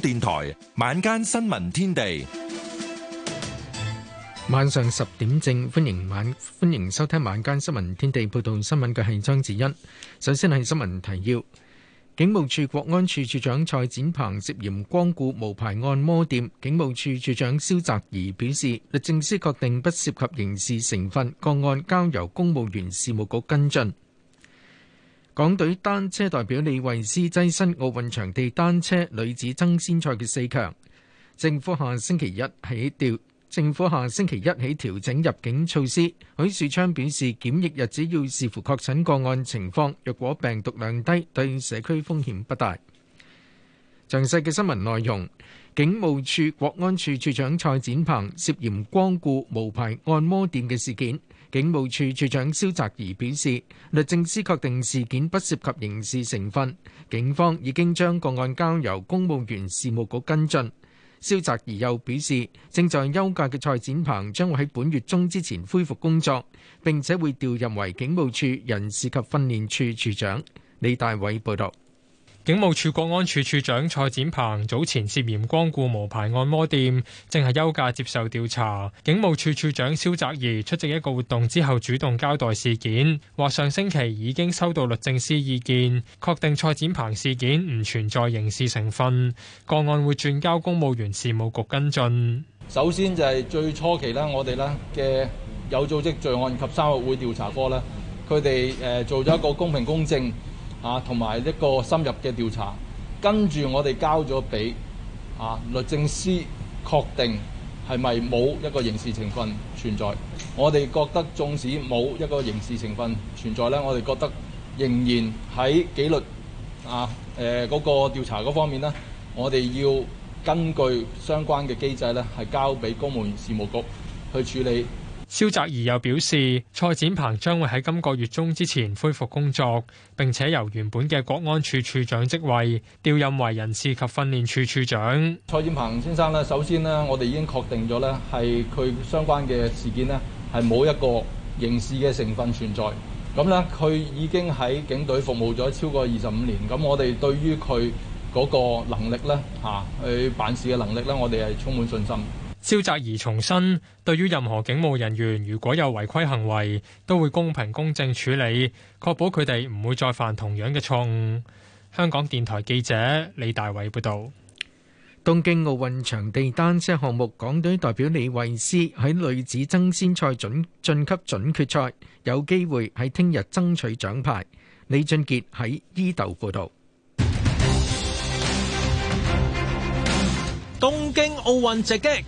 電台晚間新聞天地，晚上十點正，歡迎晚歡迎收聽晚間新聞天地報道新聞嘅係張子欣。首先係新聞提要，警務處國安處處長蔡展鵬涉嫌光顧無牌按摩店，警務處處長蕭澤頤表示，律政司確定不涉及刑事成分，個案交由公務員事務局跟進。港隊單車代表李慧詩躋身奧運場地單車女子爭先賽嘅四強。政府下星期一起調。政府下星期一起調整入境措施。許樹昌表示，檢疫日子要視乎確診個案情況，若果病毒量低，對社區風險不大。詳細嘅新聞內容，警務處國安處處長蔡展鵬涉嫌光顧無牌按摩店嘅事件。警務處處長蕭澤頤表示，律政司確定事件不涉及刑事成分，警方已經將個案交由公務員事務局跟進。蕭澤頤又表示，正在休假嘅蔡展鵬將會喺本月中之前恢復工作，並且會調任為警務處人事及訓練處處長。李大偉報道。警務處國安處處長蔡展鵬早前涉嫌光顧無牌按摩店，正係休假接受調查。警務處處長蕭澤頤出席一個活動之後主動交代事件，話上星期已經收到律政司意見，確定蔡展鵬事件唔存在刑事成分，個案會轉交公務員事務局跟進。首先就係最初期啦，我哋啦嘅有組織罪案及三合會調查科啦，佢哋誒做咗一個公平公正。啊，同埋一個深入嘅調查，跟住我哋交咗俾啊律政司確定係咪冇一個刑事成分存在，我哋覺得，縱使冇一個刑事成分存在呢，我哋覺得仍然喺紀律啊誒嗰、呃嗰個調查嗰方面呢，我哋要根據相關嘅機制呢，係交俾公務員事務局去處理。蕭澤頤又表示，蔡展鵬將會喺今個月中之前恢復工作，並且由原本嘅國安處處長職位調任為人事及訓練處處長。蔡展鵬先生咧，首先咧，我哋已經確定咗咧，係佢相關嘅事件咧，係冇一個刑事嘅成分存在。咁咧，佢已經喺警隊服務咗超過二十五年。咁我哋對於佢嗰個能力咧，吓去辦事嘅能力咧，我哋係充滿信心。蕭澤頤重申，對於任何警務人員如果有違規行為，都會公平公正處理，確保佢哋唔會再犯同樣嘅錯誤。香港電台記者李大偉報導。東京奧運場地單車項目，港隊代表李慧詩喺女子爭先賽準晉級準決賽，有機會喺聽日爭取獎牌。李俊傑喺伊豆報導。東京奧運直擊。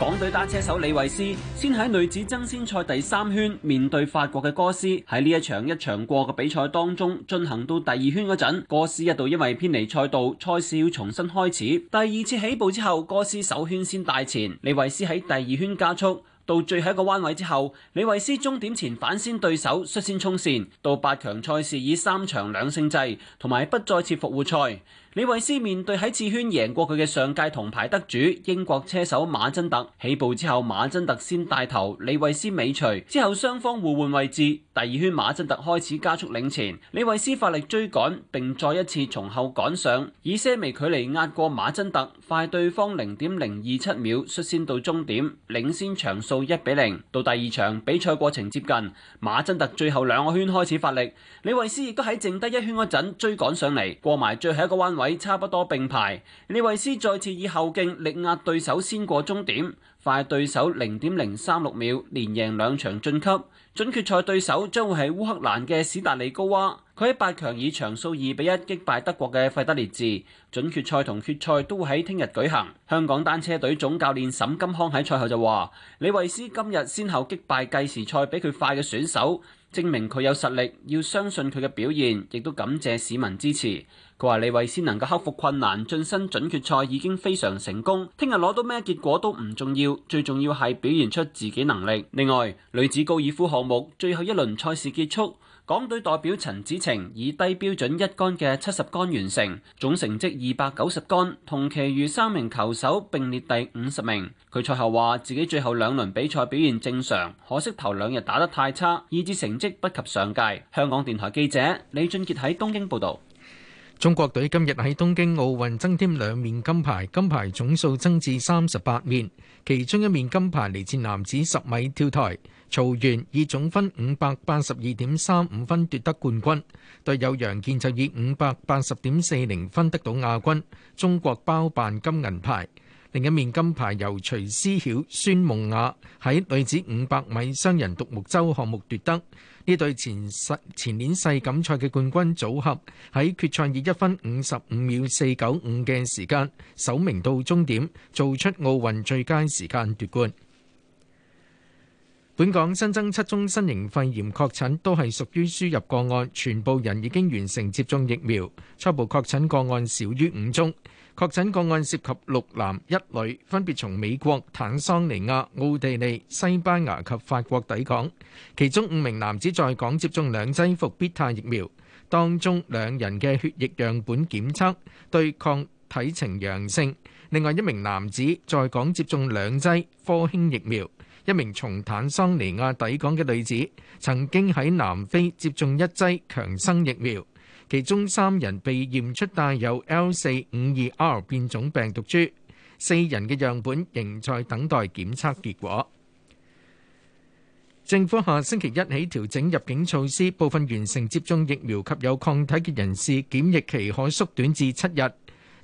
港隊單車手李維斯先喺女子爭先賽第三圈面對法國嘅哥斯，喺呢一場一場過嘅比賽當中進行到第二圈嗰陣，哥斯一度因為偏離賽道，賽事要重新開始。第二次起步之後，哥斯首圈先帶前，李維斯喺第二圈加速，到最後一個彎位之後，李維斯終點前反先對手率先衝線，到八強賽事以三場兩勝制同埋不再設復活賽。李慧斯面對喺次圈贏過佢嘅上屆銅牌得主英國車手馬珍特，起步之後馬珍特先帶頭，李慧詩尾隨，之後雙方互換位置。第二圈馬珍特開始加速領前，李慧詩發力追趕，並再一次從後趕上，以些微距離壓過馬珍特，快對方零點零二七秒率先到終點，領先場數一比零。到第二場比賽過程接近，馬珍特最後兩個圈開始發力，李慧詩亦都喺剩低一圈嗰陣追趕上嚟，過埋最後一個彎位差不多並排，李維斯再次以後勁力壓對手先過終點，快對手零點零三六秒，連贏兩場晉級。準決賽對手將會係烏克蘭嘅史達利高娃，佢喺八強以場數二比一擊敗德國嘅費德列治。準決賽同決賽都喺聽日舉行。香港單車隊總教練沈金康喺賽後就話：李維斯今日先後擊敗計時賽比佢快嘅選手。證明佢有實力，要相信佢嘅表現，亦都感謝市民支持。佢話李慧先能夠克服困難，晉身準決賽已經非常成功。聽日攞到咩結果都唔重要，最重要係表現出自己能力。另外，女子高爾夫項目最後一輪賽事結束。港隊代表陳子晴以低標準一杆嘅七十杆完成，總成績二百九十杆，同其餘三名球手並列第五十名。佢賽後話自己最後兩輪比賽表現正常，可惜頭兩日打得太差，以致成績不及上屆。香港電台記者李俊杰喺東京報道。中國隊今日喺東京奧運增添兩面金牌，金牌總數增至三十八面，其中一面金牌嚟自男子十米跳台。曹緣以總分五百八十二點三五分奪得冠軍，隊友楊健就以五百八十點四零分得到亞軍。中國包辦金銀牌，另一面金牌由徐思曉、孫夢雅喺女子五百米雙人獨木舟項目奪得。呢對前世前年世錦賽嘅冠軍組合喺決賽以一分五十五秒四九五嘅時間，首名到終點，做出奧運最佳時間奪冠。本港新增七宗新型肺炎確診，都係屬於輸入個案，全部人已經完成接種疫苗。初步確診個案少於五宗，確診個案涉及六男一女，分別從美國、坦桑尼亞、奧地利、西班牙及法國抵港。其中五名男子在港接種兩劑復必泰疫苗，當中兩人嘅血液樣本檢測對抗體呈陽性。另外一名男子在港接種兩劑科興疫苗。一名從坦桑尼亞抵港嘅女子，曾經喺南非接種一劑強生疫苗，其中三人被驗出帶有 L 四五二 R 變種病毒株，四人嘅樣本仍在等待檢測結果。政府下星期一起調整入境措施，部分完成接種疫苗及有抗體嘅人士，檢疫期可縮短至七日。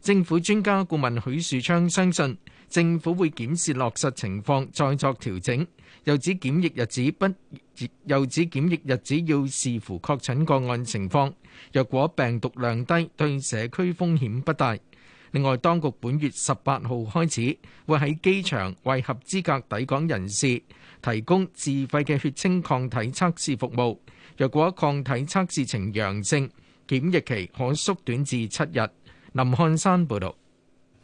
政府專家顧問許樹昌相信。政府會檢視落實情況，再作調整。又指檢疫日子不，又指檢疫日子要視乎確診個案情況。若果病毒量低，對社區風險不大。另外，當局本月十八號開始，會喺機場為合資格抵港人士提供自費嘅血清抗體測試服務。若果抗體測試呈陽性，檢疫期可縮短至七日。林漢山報道。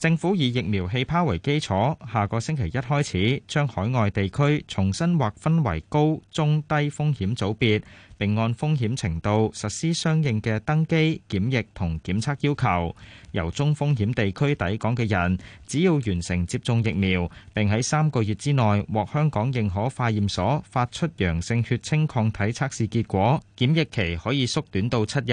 政府以疫苗氣泡為基礎，下個星期一開始，將海外地區重新劃分為高、中、低風險組別，並按風險程度實施相應嘅登機檢疫同檢測要求。由中風險地區抵港嘅人，只要完成接種疫苗，並喺三個月之內獲香港認可化驗所發出陽性血清抗體測試結果，檢疫期可以縮短到七日。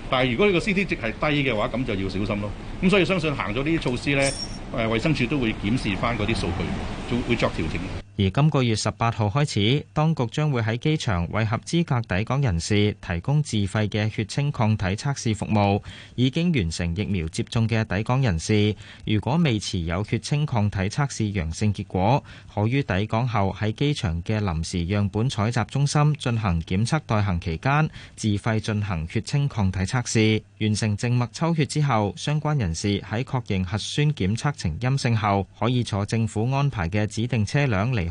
但係如果呢個 C T 值係低嘅話，咁就要小心咯。咁所以相信行咗呢啲措施咧，誒、呃、衛生署都會檢視翻嗰啲數據，做會作調整。而今個月十八號開始，當局將會喺機場為合資格抵港人士提供自費嘅血清抗體測試服務。已經完成疫苗接種嘅抵港人士，如果未持有血清抗體測試陽性結果，可於抵港後喺機場嘅臨時樣本採集中心進行檢測待行期間，自費進行血清抗體測試。完成靜脈抽血之後，相關人士喺確認核酸檢測呈陰性後，可以坐政府安排嘅指定車輛嚟。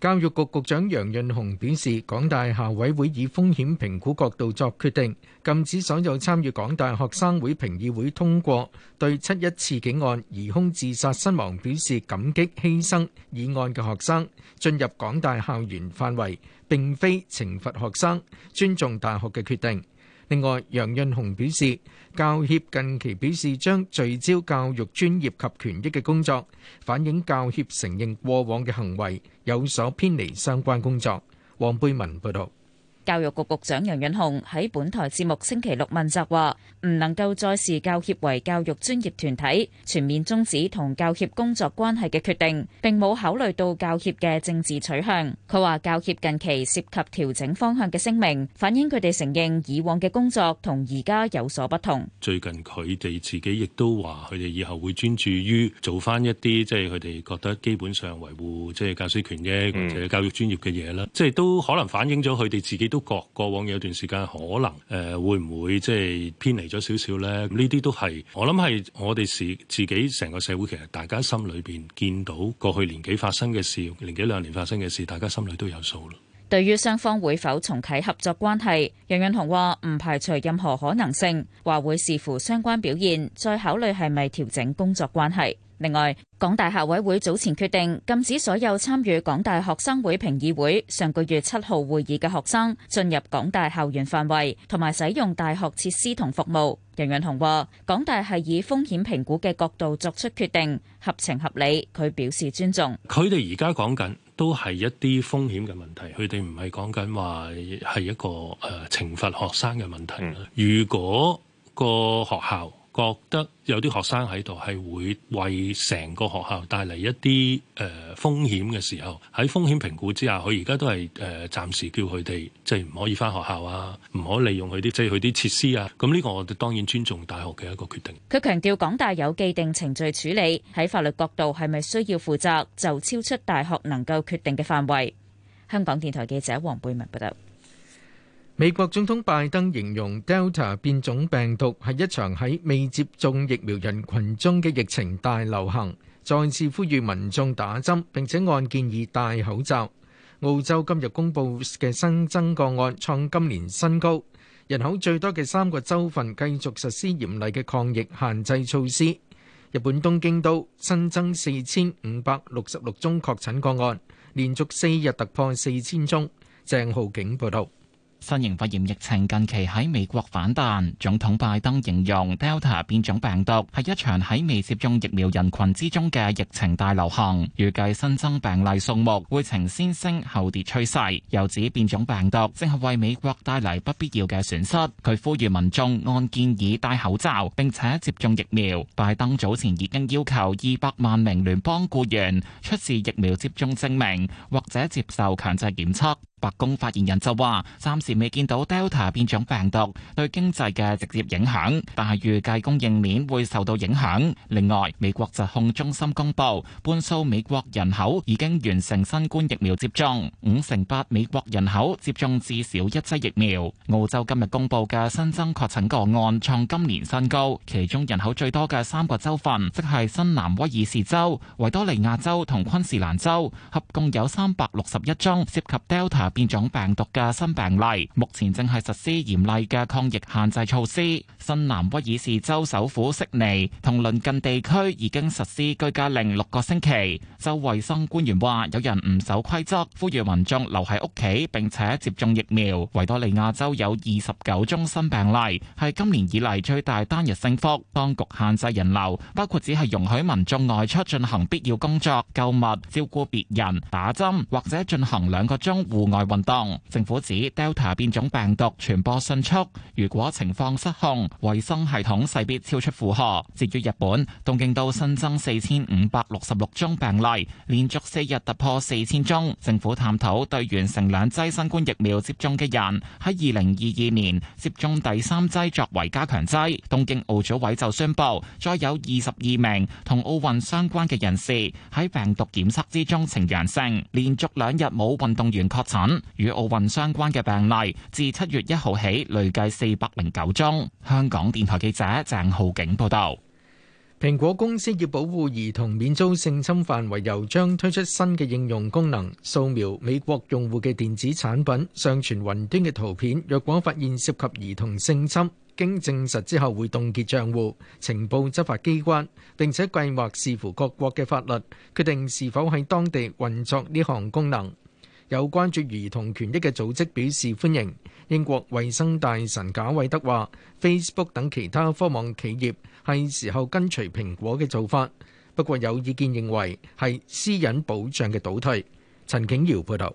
教育局局長楊潤雄表示，港大校委會以風險評估角度作決定，禁止所有參與港大學生會評議會通過對七一刺警案疑凶自殺身亡表示感激犧牲議案嘅學生進入港大校園範圍，並非懲罰學生，尊重大學嘅決定。另外，楊潤雄表示，教協近期表示將聚焦教育專業及權益嘅工作，反映教協承認過往嘅行為有所偏離相關工作。黃貝文報道。教育局局長楊潤雄喺本台節目星期六問責話，唔能夠再視教協為教育專業團體，全面終止同教協工作關係嘅決定，並冇考慮到教協嘅政治取向。佢話教協近期涉及調整方向嘅聲明，反映佢哋承認以往嘅工作同而家有所不同。最近佢哋自己亦都話，佢哋以後會專注於做翻一啲即係佢哋覺得基本上維護即係教師權益或者教育專業嘅嘢啦，即係都可能反映咗佢哋自己。都覺過往有段時間可能誒、呃，會唔會即係偏離咗少少咧？呢啲都係我諗係我哋是自己成個社會，其實大家心裏邊見到過去年幾發生嘅事，年幾兩年發生嘅事，大家心裏都有數咯。對於雙方會否重啟合作關係，楊潤雄話唔排除任何可能性，話會視乎相關表現再考慮係咪調整工作關係。另外，港大校委會早前決定禁止所有參與港大學生會評議會上個月七號會議嘅學生進入港大校園範圍同埋使用大學設施同服務。楊潤雄話：港大係以風險評估嘅角度作出決定，合情合理。佢表示尊重。佢哋而家講緊都係一啲風險嘅問題，佢哋唔係講緊話係一個誒懲罰學生嘅問題啦。如果個學校，覺得有啲學生喺度係會為成個學校帶嚟一啲誒、呃、風險嘅時候，喺風險評估之下，佢而家都係誒、呃、暫時叫佢哋即係唔可以返學校啊，唔可利用佢啲即係佢啲設施啊。咁呢個我哋當然尊重大學嘅一個決定。佢強調港大有既定程序處理，喺法律角度係咪需要負責就超出大學能夠決定嘅範圍。香港電台記者黃貝文報道。美國總統拜登形容 Delta 變種病毒係一場喺未接種疫苗人群中嘅疫情大流行，再次呼籲民眾打針，並且按建議戴口罩。澳洲今日公布嘅新增個案創今年新高，人口最多嘅三個州份繼續實施嚴厲嘅抗疫限制措施。日本東京都新增四千五百六十六宗確診個案，連續四日突破四千宗。鄭浩景報道。新型肺炎疫情近期喺美國反彈，總統拜登形容 Delta 變種病毒係一場喺未接種疫苗人群之中嘅疫情大流行，預計新增病例數目會呈先升後跌趨勢。又指變種病毒正係為美國帶嚟不必要嘅損失。佢呼籲民眾按建議戴口罩，並且接種疫苗。拜登早前已經要求二百萬名聯邦僱員出示疫苗接種證明或者接受強制檢測。白宮發言人就話，暫時未見到 Delta 變種病毒對經濟嘅直接影響，但係預計供應鏈會受到影響。另外，美國疾控中心公布，半數美國人口已經完成新冠疫苗接種，五成八美國人口接種至少一劑疫苗。澳洲今日公布嘅新增確診個案創今年新高，其中人口最多嘅三個州份，即係新南威爾士州、維多利亞州同昆士蘭州，合共有三百六十一宗涉及 Delta 變種病毒嘅新病例，目前正係實施嚴厲嘅抗疫限制措施。新南威爾士州首府悉尼同鄰近地區已經實施居家令六個星期。州衛生官員話有人唔守規則，呼籲民眾留喺屋企，並且接種疫苗。維多利亞州有二十九宗新病例，係今年以嚟最大單日升幅。當局限制人流，包括只係容許民眾外出進行必要工作、購物、照顧別人、打針或者進行兩個鐘戶外。運動，政府指 Delta 變種病毒傳播迅速，如果情況失控，衛生系統勢必超出負荷。至於日本，東京都新增四千五百六十六宗病例，連續四日突破四千宗。政府探討對完成兩劑新冠疫苗接種嘅人，喺二零二二年接種第三劑作為加強劑。東京奧組委就宣布，再有二十二名同奧運相關嘅人士喺病毒檢測之中呈陽性，連續兩日冇運動員確診。與奧運相關嘅病例，自七月一號起累計四百零九宗。香港電台記者鄭浩景報道。蘋果公司要保護兒童免遭性侵犯為由，將推出新嘅應用功能，掃描美國用戶嘅電子產品，上傳雲端嘅圖片。若果發現涉及兒童性侵，經證實之後會凍結賬戶，情報執法機關，並且計劃視乎各國嘅法律，決定是否喺當地運作呢項功能。有關注兒童權益嘅組織表示歡迎。英國衛生大臣賈偉德話：Facebook 等其他科網企業係時候跟隨蘋果嘅做法，不過有意見認為係私隱保障嘅倒退。陳景堯報道。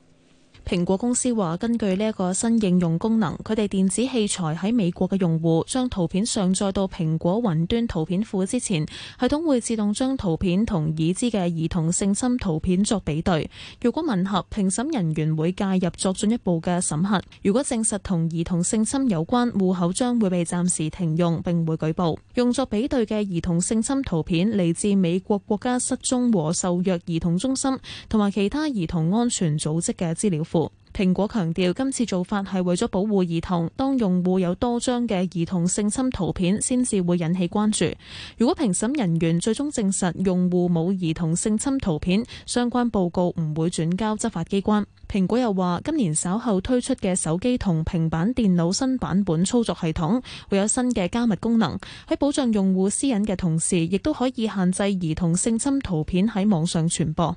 蘋果公司話：根據呢一個新應用功能，佢哋電子器材喺美國嘅用戶將圖片上載到蘋果雲端圖片庫之前，系統會自動將圖片同已知嘅兒童性侵圖片作比對。如果吻合，評審人員會介入作進一步嘅審核。如果證實同兒童性侵有關，戶口將會被暫時停用並會舉報。用作比對嘅兒童性侵圖片嚟自美國國家失蹤和受虐兒童中心同埋其他兒童安全組織嘅資料庫。蘋果強調，今次做法係為咗保護兒童。當用戶有多張嘅兒童性侵圖片，先至會引起關注。如果評審人員最終證實用戶冇兒童性侵圖片，相關報告唔會轉交執法機關。蘋果又話，今年稍後推出嘅手機同平板電腦新版本操作系統，會有新嘅加密功能，喺保障用戶私隱嘅同時，亦都可以限制兒童性侵圖片喺網上傳播。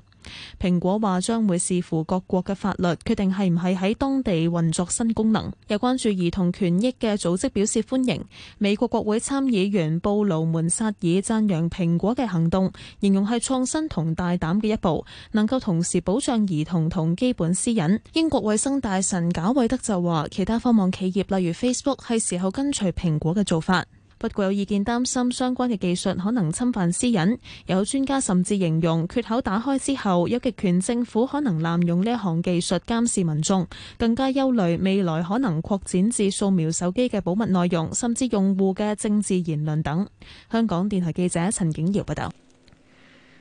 蘋果話將會視乎各國嘅法律，決定係唔係喺當地運作新功能。有關注兒童權益嘅組織表示歡迎。美國國會參議員布盧門薩爾讚揚蘋果嘅行動，形容係創新同大膽嘅一步，能夠同時保障兒童同基本私隱。英國衛生大臣賈偉德就話，其他科網企業例如 Facebook 係時候跟隨蘋果嘅做法。不過有意見擔心相關嘅技術可能侵犯私隱，有專家甚至形容缺口打開之後，有極權政府可能濫用呢項技術監視民眾，更加憂慮未來可能擴展至掃描手機嘅保密內容，甚至用戶嘅政治言論等。香港電台記者陳景瑤報道。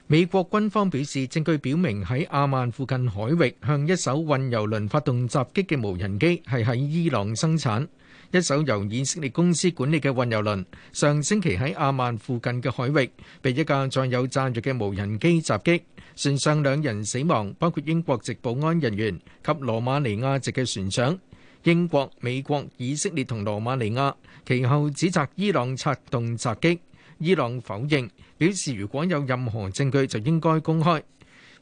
美國軍方表示，證據表明喺阿曼附近海域向一艘運油輪發動襲擊嘅無人機係喺伊朗生產。一艘由以色列公司管理嘅運油輪上星期喺阿曼附近嘅海域，被一架載有炸藥嘅無人機襲擊，船上兩人死亡，包括英國籍保安人員及羅馬尼亞籍嘅船長。英國、美國、以色列同羅馬尼亞其後指責伊朗策動襲擊，伊朗否認，表示如果有任何證據，就應該公開。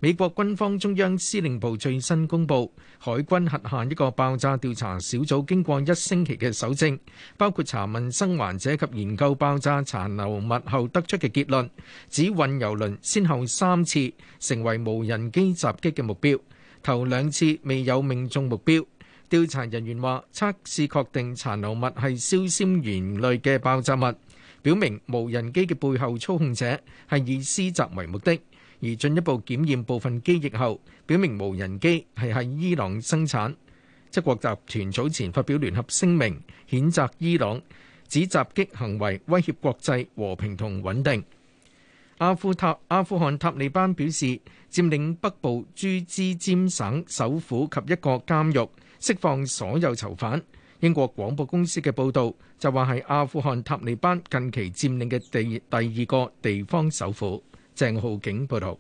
美國軍方中央司令部最新公布，海軍轄下一個爆炸調查小組經過一星期嘅搜證，包括查問生還者及研究爆炸殘留物後得出嘅結論，指運油輪先後三次成為無人機襲擊嘅目標，頭兩次未有命中目標。調查人員話，測試確定殘留物係硝酸鹽類嘅爆炸物，表明無人機嘅背後操控者係以施襲為目的。而進一步檢驗部分機翼後，表明無人機係喺伊朗生產。七國集團早前發表聯合聲明，譴責伊朗指襲擊行為威脅國際和平同穩定。阿富塔，阿富汗塔利班表示，佔領北部朱茲詹省首府及一個監獄，釋放所有囚犯。英國廣播公司嘅報導就話，係阿富汗塔利班近期佔領嘅地第二個地方首府。鄭浩景報道。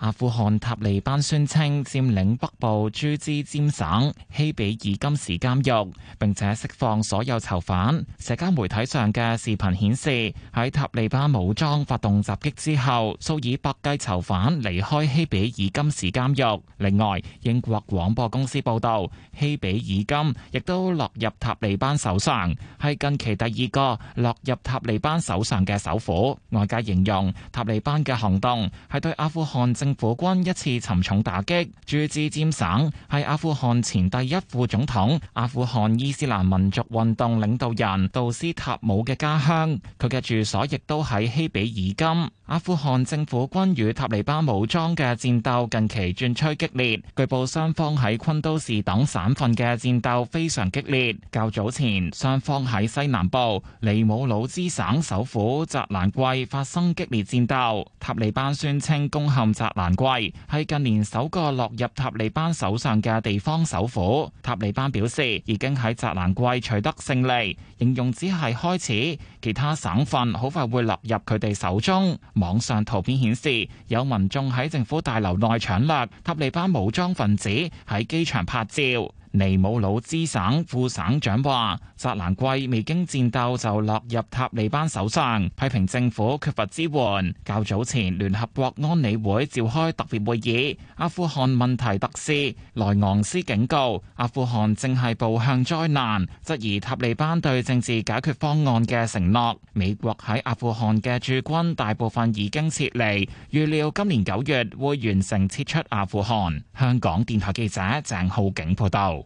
阿富汗塔利班宣稱佔領北部朱茲詹省希比爾金市監獄，並且釋放所有囚犯。社交媒體上嘅視頻顯示，喺塔利班武裝發動襲擊之後，數以百計囚犯離開希比爾金市監獄。另外，英國廣播公司報道，希比爾金亦都落入塔利班手上，係近期第二個落入塔利班手上嘅首府。外界形容塔利班嘅行動係對阿富汗政政府軍一次沉重打擊，駐紮占省係阿富汗前第一副總統、阿富汗伊斯蘭民族運動領導人杜斯塔姆嘅家鄉。佢嘅住所亦都喺希比爾金。阿富汗政府軍與塔利班武裝嘅戰鬥近期轉趨激烈，據報雙方喺昆都士等省份嘅戰鬥非常激烈。較早前雙方喺西南部尼姆魯茲省，省首府扎蘭季發生激烈戰鬥，塔利班宣稱攻陷扎。蘭桂係近年首個落入塔利班手上嘅地方首府。塔利班表示，已經喺扎蘭桂取得勝利，形容只係開始，其他省份好快會落入佢哋手中。網上圖片顯示，有民眾喺政府大樓內搶掠，塔利班武裝分子喺機場拍照。尼姆魯茲省副省長話：扎蘭季未經戰鬥就落入塔利班手上，批評政府缺乏支援。較早前，聯合國安理會召開特別會議，阿富汗問題特使萊昂斯警告阿富汗正係步向災難，質疑塔利班對政治解決方案嘅承諾。美國喺阿富汗嘅駐軍大部分已經撤離，預料今年九月會完成撤出阿富汗。香港電台記者鄭浩景報道。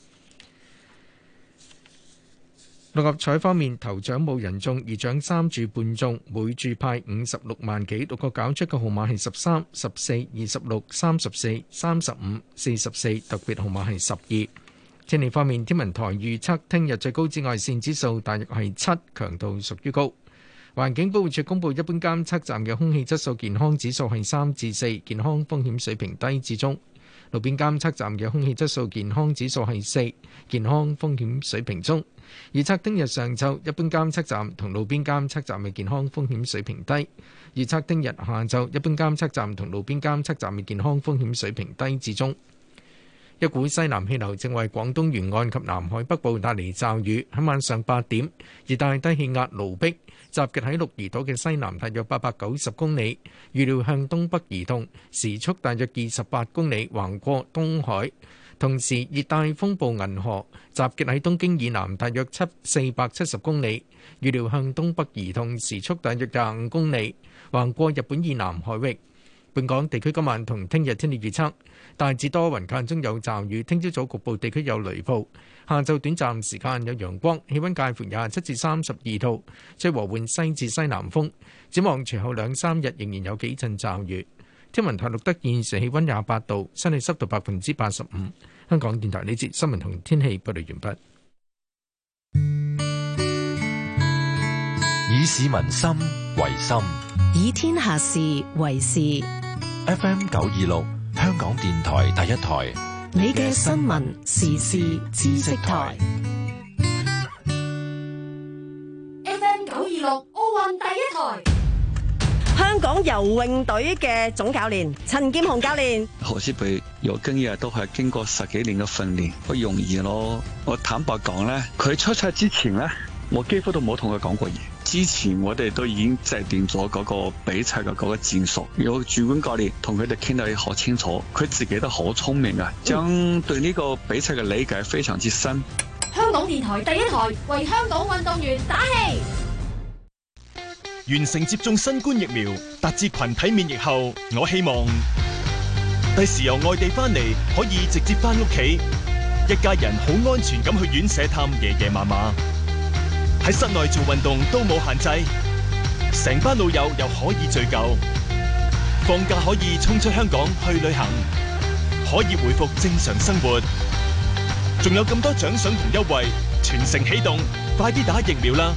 六合彩方面，頭獎冇人中，二獎三注半中，每注派五十六萬幾。六個搞出嘅號碼係十三、十四、二十六、三十四、三十五、四十四。特別號碼係十二。天氣方面，天文台預測聽日最高紫外線指數大約係七，強度屬於高。環境保護署公布，一般監測站嘅空氣質素健康指數係三至四，健康風險水平低至中。路邊監測站嘅空氣質素健康指數係四，健康風險水平中。預測聽日上晝一般監測站同路邊監測站嘅健康風險水平低。預測聽日下晝一般監測站同路邊監測站嘅健康風險水平低至中。一股西南氣流正為廣東沿岸及南海北部帶嚟驟雨，喺晚上八點，熱帶低氣壓盧碧集結喺鹿兒島嘅西南，大約八百九十公里，預料向東北移動，時速大約二十八公里，橫過東海。同時，熱帶風暴銀河集結喺東京以南，大約四百七十公里，預料向東北移動，時速大約廿五公里，橫過日本以南海域。本港地區今晚同聽日天氣預測大致多雲，間中有驟雨。聽朝早局部地區有雷暴。下晝短暫時間有陽光，氣温介乎廿七至三十二度，吹和緩西至西南風。展望隨後兩三日仍然有幾陣驟雨。天文台錄得現時氣温廿八度，相對濕度百分之八十五。香港電台呢節新聞同天氣報道完畢。以市民心為心。以天下事為事。F M 九二六香港電台第一台，你嘅新聞時事知識台。F M 九二六奧運第一台，香港游泳隊嘅總教練陳劍虹教練。何詩蓓有經驗，都係經過十幾年嘅訓練，好容易咯。我坦白講咧，佢出賽之前咧，我幾乎都冇同佢講過嘢。之前我哋都已經制定咗嗰個比賽嘅嗰個戰術，有主管教練同佢哋傾得好清楚，佢自己都好聰明啊，將對呢個比賽嘅理解非常之深。嗯、香港電台第一台為香港運動員打氣。完成接種新冠疫苗，達至群體免疫後，我希望第時由外地翻嚟可以直接翻屋企，一家人好安全咁去院舍探爺爺嫲嫲。爺爺媽媽喺室內做運動都冇限制，成班老友又可以聚舊，放假可以沖出香港去旅行，可以回復正常生活，仲有咁多獎賞同優惠，全城起動，快啲打疫苗啦！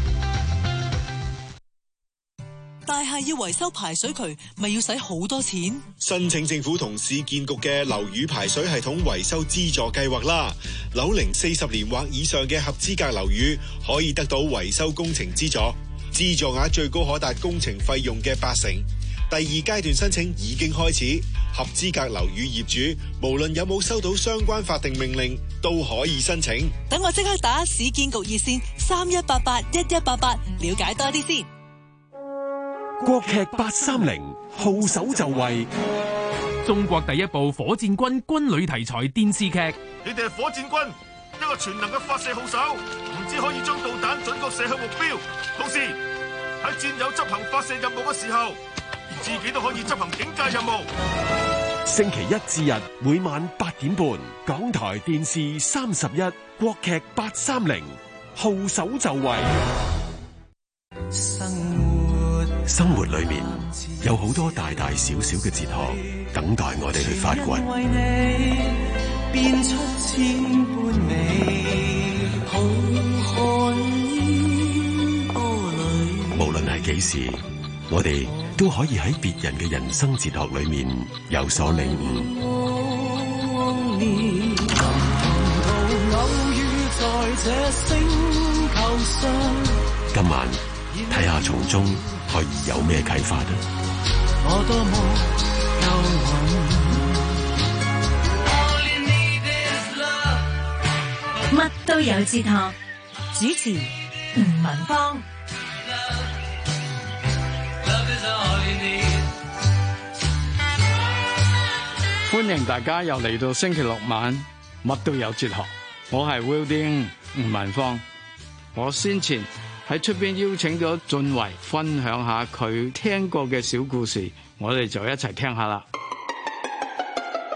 要維修排水渠，咪要使好多錢。申請政府同市建局嘅樓宇排水系統維修資助計劃啦。樓齡四十年或以上嘅合資格樓宇可以得到維修工程資助，資助額最高可達工程費用嘅八成。第二階段申請已經開始，合資格樓宇業主無論有冇收到相關法定命令，都可以申請。等我即刻打市建局熱線三一八八一一八八了解多啲先。國劇八三零，號手就位，中國第一部火箭軍軍旅題材電視劇。你哋係火箭軍一個全能嘅發射號手，唔只可以將導彈準確射向目標，同時喺戰友執行發射任務嘅時候，自己都可以執行警戒任務。星期一至日每晚八點半，港台電視三十一，國劇八三零，號手就位。生活裏面有好多大大小小嘅哲學，等待我哋去發掘。無論係幾時，我哋都可以喺別人嘅人生哲學裏面有所領悟。今晚睇下從中，可以有咩啟發咧？乜都,都有哲學，主持吳文芳，歡迎大家又嚟到星期六晚，乜都有哲學，我係 William 吳文芳，我先前。喺出邊邀請咗俊偉分享一下佢聽過嘅小故事，我哋就一齊聽一下啦。